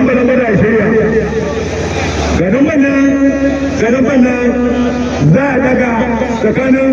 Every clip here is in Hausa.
nan bana bana shirya za a daga tsakanin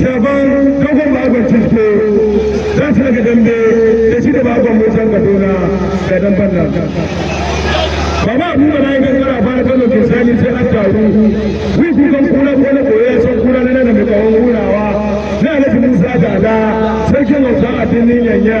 shaban dogon bagon ciske za su daga dambe da shi da bagon mutan kaduna garin bana baba abu ba na yi gaskara ba na kano ke sani sai an taru wi kukan kura kone koye son kura na nan da mai kawon hurawa na alhaji musa da ala sarkin hausa a dinin yanya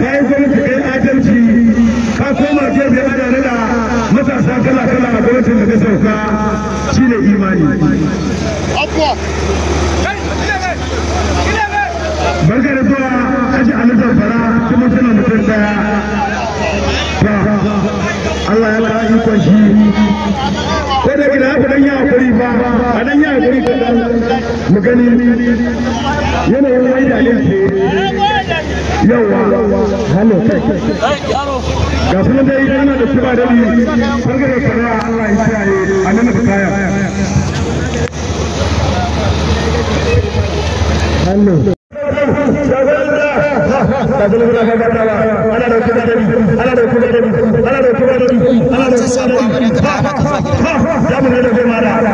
bayan gwamnati kai adalci ka koma gefe ana nada matasa kala kala a gwamnatin da ta sauka shine imani barka da zuwa aji alisan fara kuma tana mutum daya Allah ya ka ikon shi ko da gida haka dan ya hakuri ba a dan ya hakuri kadan mu gani yanayin wanda yake yawa halo kai ga kuma dai ana da kiba da ni bangaren sana'a Allah ya kiyaye annan ka kaya halo ana da kiba da ni ana da kiba da ni ana da kiba da ni ana da kiba da ni ana da kiba da ni ana da kiba da ni ana da kiba da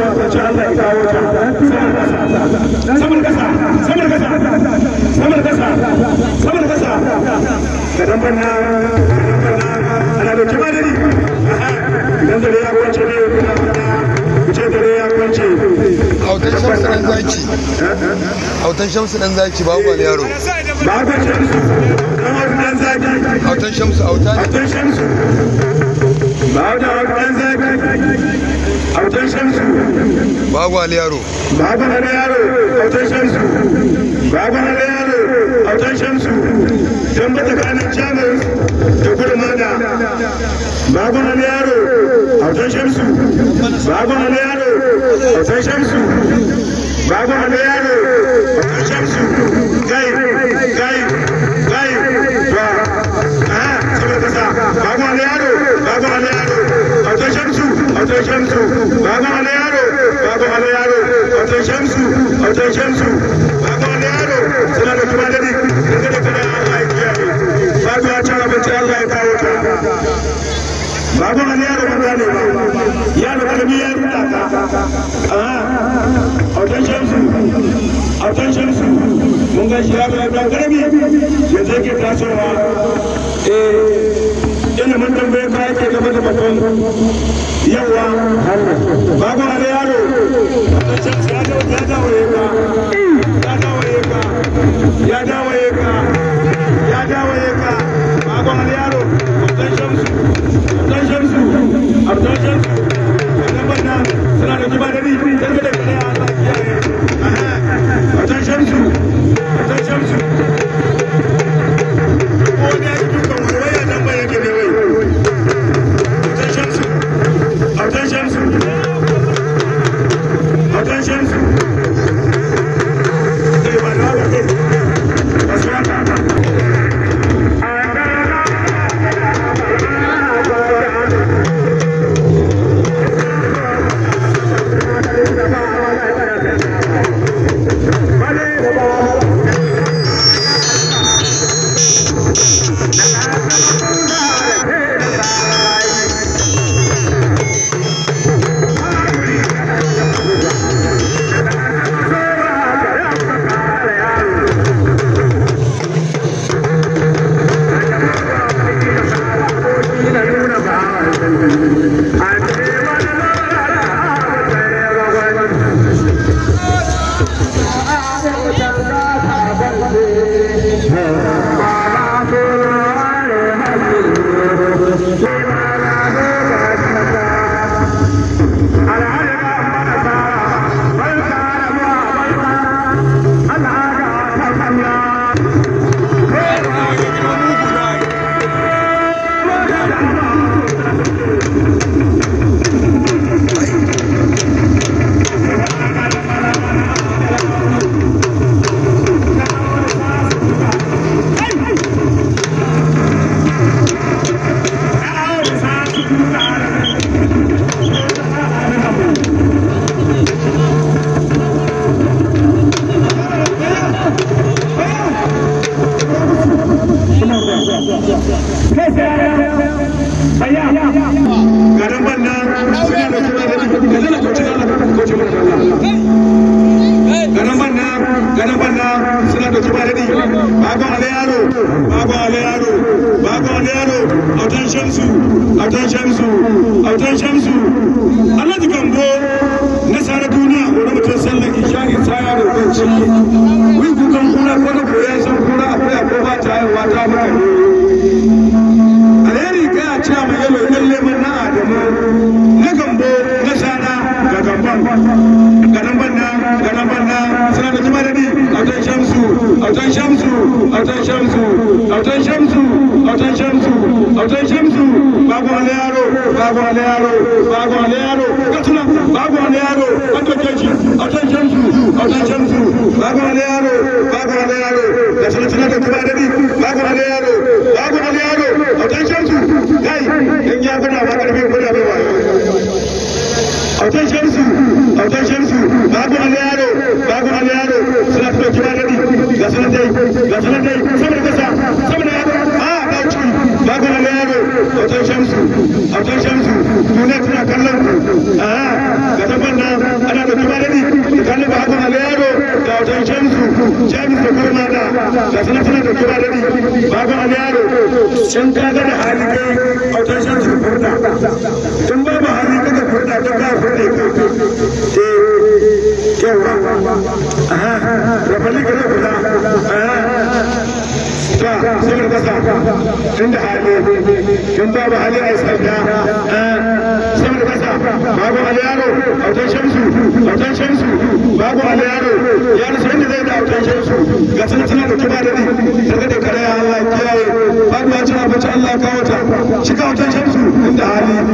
wacce saman kasa saman kasa saman kasa saman kasa shamsu dan zaki shamsu dan zaki wani yaro shamsu shamsu shamsu autan shamsu bagwal yaro bagwal da yaro autan shamsu bagwal da yaro autan shamsu don ba tsakanin jamus da gurmana bagwal da yaro autan shamsu bagwal da yaro autan shamsu bagwal da yaro autan shamsu kai kai wata shamsu babu ala yaro babu ala yaro wata shamsu wata shamsu babu ala yaro suna da kuma dadi daga da kana Allah ya kiyaye babu ya ci abinci Allah ya kawo ta babu ala yaro ban gane ba yaro karbi ya ka mun ga ake game da mutum yawa yaro ya dawaye ka ya dawaye ka ya dawaye ka ya dawaye ka yaro abdan shamsu abdan shamsu shamsu suna da kiba da da da kare a tsakiya abdan shamsu abdan shamsu shamsu autan shamsu autan shamsu alhaji gambo na sara duniya wani mutum sallar isha'i tsaya da kwanci babu wani yaro gatunan babu yaro an doke shi a a yaro babu yaro da sanatunan da kuma yaro da kuma suna da kira dadi ba ga wani yaro can ka ga da hali kai autan shan su furda tun ba ba hali ka da furda ta ka furde ka ke kewa rafali ka da furda ta sabar kasa tun da hali da da da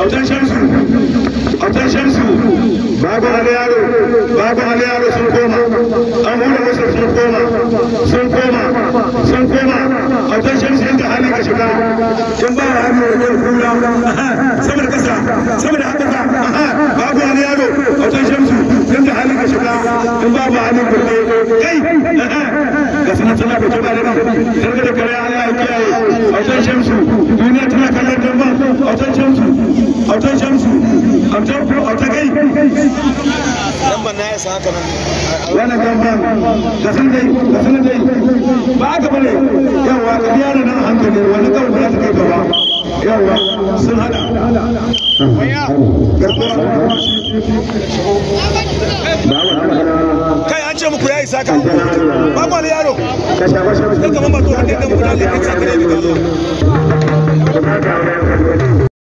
attention su attention su babu wani yaro babu sun koma an hula sun koma sun koma sun koma attention su inda hali ka shiga in ba wa hannu ga tana da rana sarki da kare Allah shamsu tana shamsu shamsu ce muku ya yi ka ba mu yaro kan ba to